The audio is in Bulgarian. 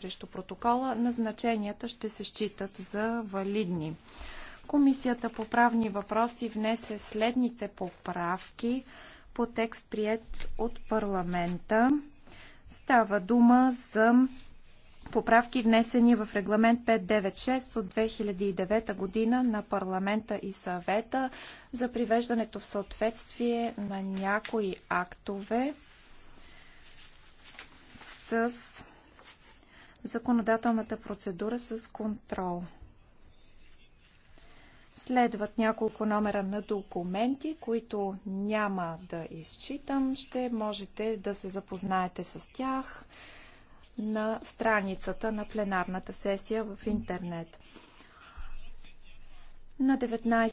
срещу протокола, назначенията ще се считат за валидни. Комисията по правни въпроси внесе следните поправки по текст прият от парламента. Става дума за поправки внесени в регламент 596 от 2009 година на парламента и съвета за привеждането в съответствие на някои актове с законодателната процедура с контрол. Следват няколко номера на документи, които няма да изчитам. Ще можете да се запознаете с тях на страницата на пленарната сесия в интернет. На 19